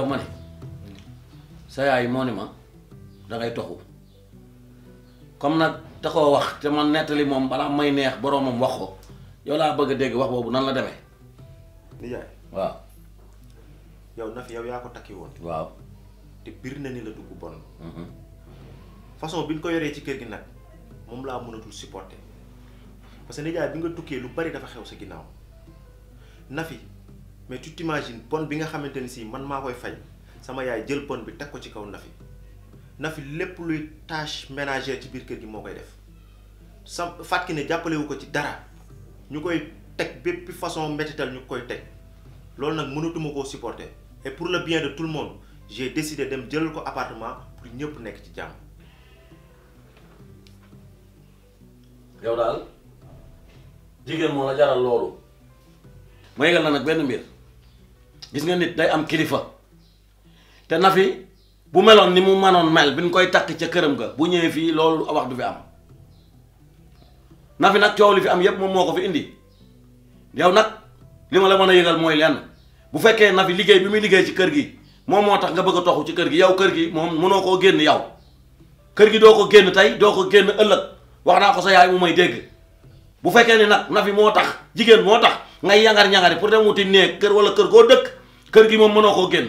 yow ma ne sa yaay moo ni ma dangay toxu comme nag taxoo wax te man nettali moom balaa may neex boroomam wax ko yow laa bëgg a dégg wax boobu nan la demee. nijaay waaw. yow Nafi yow yaa ko takki woon. waaw te bir na ni la dugg bon. Mm-hmm. façon bi ñu ko yoree ci kër gi nag moom laa mënatul supporter parce que nijaay bi nga tukkee lu bari dafa xew sa ginnaaw Nafi. mais tu t'imagines pon bi nga xamanteni si man maa koy fay sama yaay jël pon bi teg ko ci kaw Nafi Nafi lepp luy tâche ménagère ci biir kër gi moo koy def sa fàtki ne jàppalewu ko ci dara ñu koy teg bépp façon métital ñu koy teg loolu nag mënatuma koo supporter et pour le bien de tout le monde j'ai décidé dem jëlal ko appartement pour ñëpp nekk ci jàmm. yow daal jigéen moo la jaral loolu. ma yëgal na nag benn mbir. gis nga nit day am kilifa na Nafi bu melone ni mu manone mel bin koy tak ci kërëm ga bu ñëw fi loolu wax du fi am Nafi fi nak li fi am yépp moom moko fi indi yow nak lima la mëna yëgal moy lenn bu na Nafi liggéey bi mi liggéey ci kër gi moom moo tax nga bëgg toxu ci kër gi yow kër gi moom mëno ko genn yow kër gi do ko genn tay do ko genn ëlëk wax ko sa yaay mu may dégg bu fekkee ni Nafi moo tax jigéen moo tax ngay yangar-yangari pour dem wuti neek kër wala kër go dëkk kër gi moom mënoo koo génn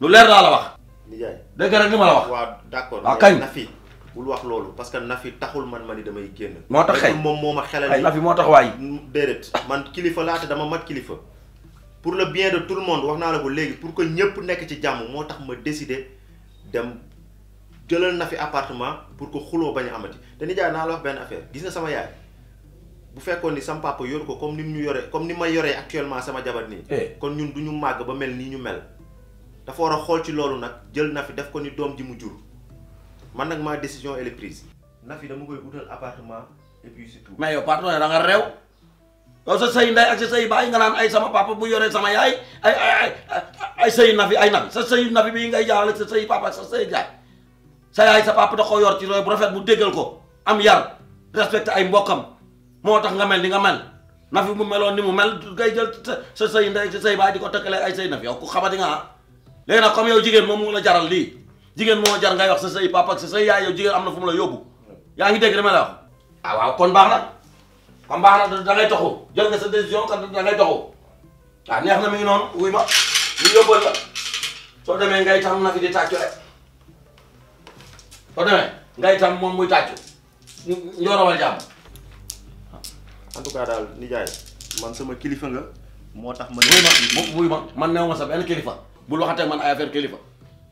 lu leer laa la wax. nijaay dégg nga li ma la wax. waaw d'accord mais Nafi bul wax loolu parce que Nafi taxul man ma ni damay génn. moo tax xëy moom moo ma xelal. ay Nafi moo tax waay. Mm, déedéet man kilifa laata dama mat kilifa pour le bien de tout le monde wax naa la ko léegi pour que ñëpp nekk ci jàmm moo tax ma décidé dem jëlal Nafi appartement pour que xuloo bañ a amati te nijaay naa la wax benn affaire gis nga sama yaay. bu fekkoon ni sama papa yor ko comme ni mu ñu comme ni ma yoree actuellement sama jabar ni eh. kon ñun duñu ñu màgg ba mel ni ñu mel. dafa war a xool ci loolu nag jël na fi daf ko ni doom ji mu jur man nag ma décision elle est prise. na fi dama koy utal appartement et puis surtout. mais yow pardon da nga rew yow sa sëy nday ak sa sëy baay nga naan ay sama papa bu yoree sama yaay ay ay ay sëy na fi ay na sa sëy na fi bii ngay jaarale sa sëy papa sa sëy jaay sa yaay sa papa da ko yor ci loolu bu rafet bu déggal ko am yar respecté ay mbokam motax nga mel ni nga mel na fi mu meloon ni mu mel gay jël sa say nday ci say baay diko ko ay say naf yow ko xamati nga leena ah. léegi comme yow jigen moom mo la jaral li jigen mo jar ngay wax sa say papa ak sa say yaay yow jigen amna na fu mu la yobbu yaangi deg dégg dama la wax ah waaw kon baax na kon baax na da ngay taxu jël nga sa décision kan da ngay taxu waaw ah, neex na mi ngi non wuy ma ñu yobbal la so demee ngay tam na fi di taccu rek so demee ngay tam mom muy taccu ñoro wal jamm en tout cas daal nijaay man sama kilifa nga moo tax ma. wuy ma wuy ma man new ma sa benn kilifa bul waxateeg man ay affaire kilifa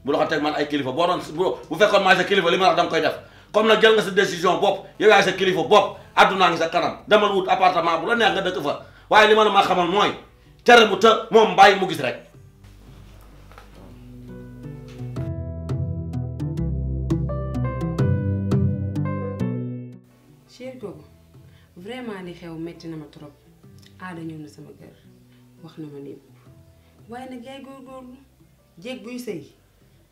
bul waxateeg man ay kilifa boo doon bu fekkoon maay sa kilifa li ma wax da nga koy def comme nag jël nga sa décision bopp yow yaay sa kilifa bopp addunaa ngi sa kanam demal wut appartement bu la neex nga dëkk fa waaye li ma la ma xamal mooy tere mu të moom bàyyi mu gis rek. vraiment li xew metti na ma trop aada ñëw na sama kër wax na ma lépp waaye nag yaay góorgóorlu jéeg buy sëy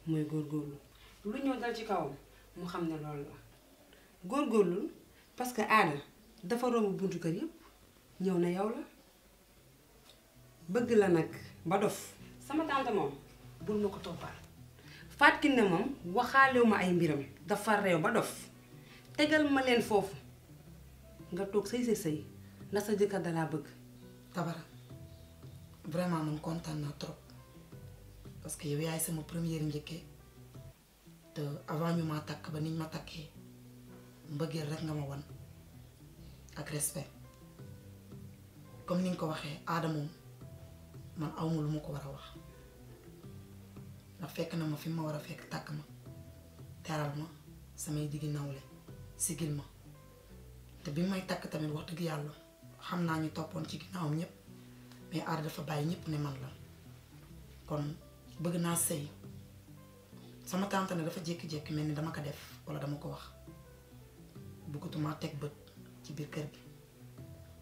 mooy góorgóorlu lu ñëw dal ci kawam mu xam ne lool la góorgóorlu parce que aada dafa romb buntu kër yëpp ñëw na yow la bëgg la nag ba dof sama tante moom bul ma ko toppal Fatou ne moom waxaalewu ma ay mbiram dafa réew ba dof tegal ma leen foofu nga toog sëy sëy sëy la sa jëkkër dalaa bëgg tabara vraiment man kontaan naa trop parce que yow yaay sama première njëkke te avant ñu ma takk ba niñ ma takkee mbëggeel rek nga ma wan ak respect comme ni nga ko waxee aada moom man awma lu ma ko war a wax ndax fekk na ma fi ma war a fekk takk ma teral ma samay diggi nawle sigil ma te bi may takk tamit wax dëgg yàlla xam naa ñu toppoon ci ginnaawam ñëpp mais aada dafa bàyyi ñëpp ne man la kon bëgg naa sëy sama tante ne dafa jékki-jékki mel ni dama ko def wala dama ko wax bëggatuma teg bët ci biir kër gi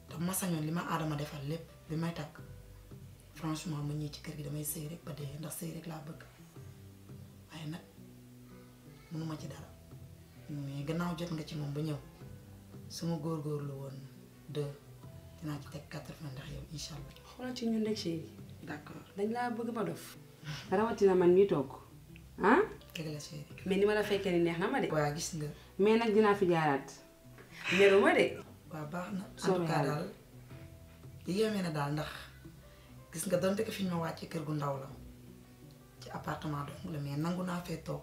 te ma sañoon li ma aadama defal lépp bi may takk franchement ma ñëw ci kër gi damay sëy rek ba dee ndax sëy rek laa bëgg waaye nag mënuma ci dara mais gannaaw jot nga ci moom ba ñëw suma góorgóorlu woon deux dinaa ci teg quatre vingt ndax yow incha allah. xoolal ci ñun rek chéri. d' dañ laa bëgg ba dof. rawatina man mii togg ah. dëgg mais ni ma fekkee neex na ma de. gis nga. mais nag dinaa fi jaaraat. meru ma de. waaw baax na en tout cas daal li daal ndax gis nga donte ko fi ñu ma wàccee kër gu ndaw la ci appartement donc la mais nangu naa fee toog.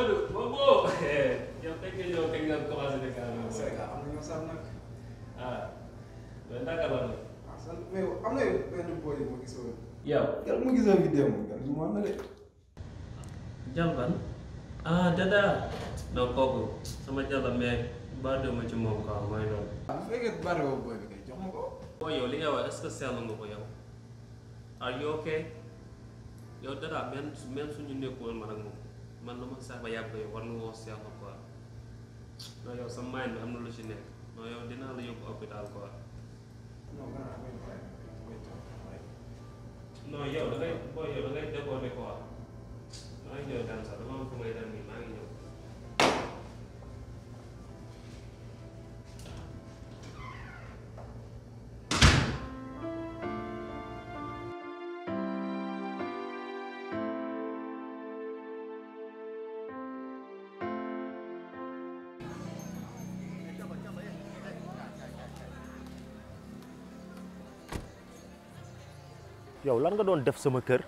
Modou Momo. yow kañ nga ñëw kañ nga commencé nekk àll. Sénégal am na ñoo sax nag. ah loolu naka la la. ah sant mais am na benn boy ma na de. Jamban ah Dada non kooku sama ma ci moom quoi mooy loolu. ah bu fekkee ma booy bi kay jox ma ko. waaw yow li nga wax est-ce que seetlu nga ko yow are you okay yow Dada même man ak moom. man lu ma sax ba yàbb yow war nga woo seexu quoi non yow sa mind bi am na lu ci nekk non yow dinaa la yóbbu hôpital quoi. non yow da ngay booy yow da ngay déggoo ne quoi. maa ngi ñëw daan sax dama am yow lan nga doon def sama kër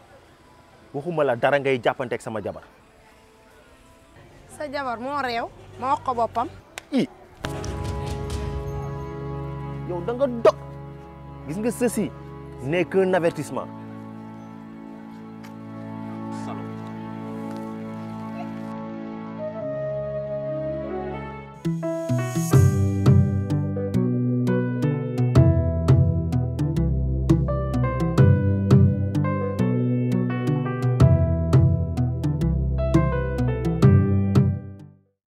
waxuma la dara ngay jàppanteeg sama jabar. sa jabar moo réew ma wax ko i yow da nga dog gis nga ceci n'est qu'un avertissement.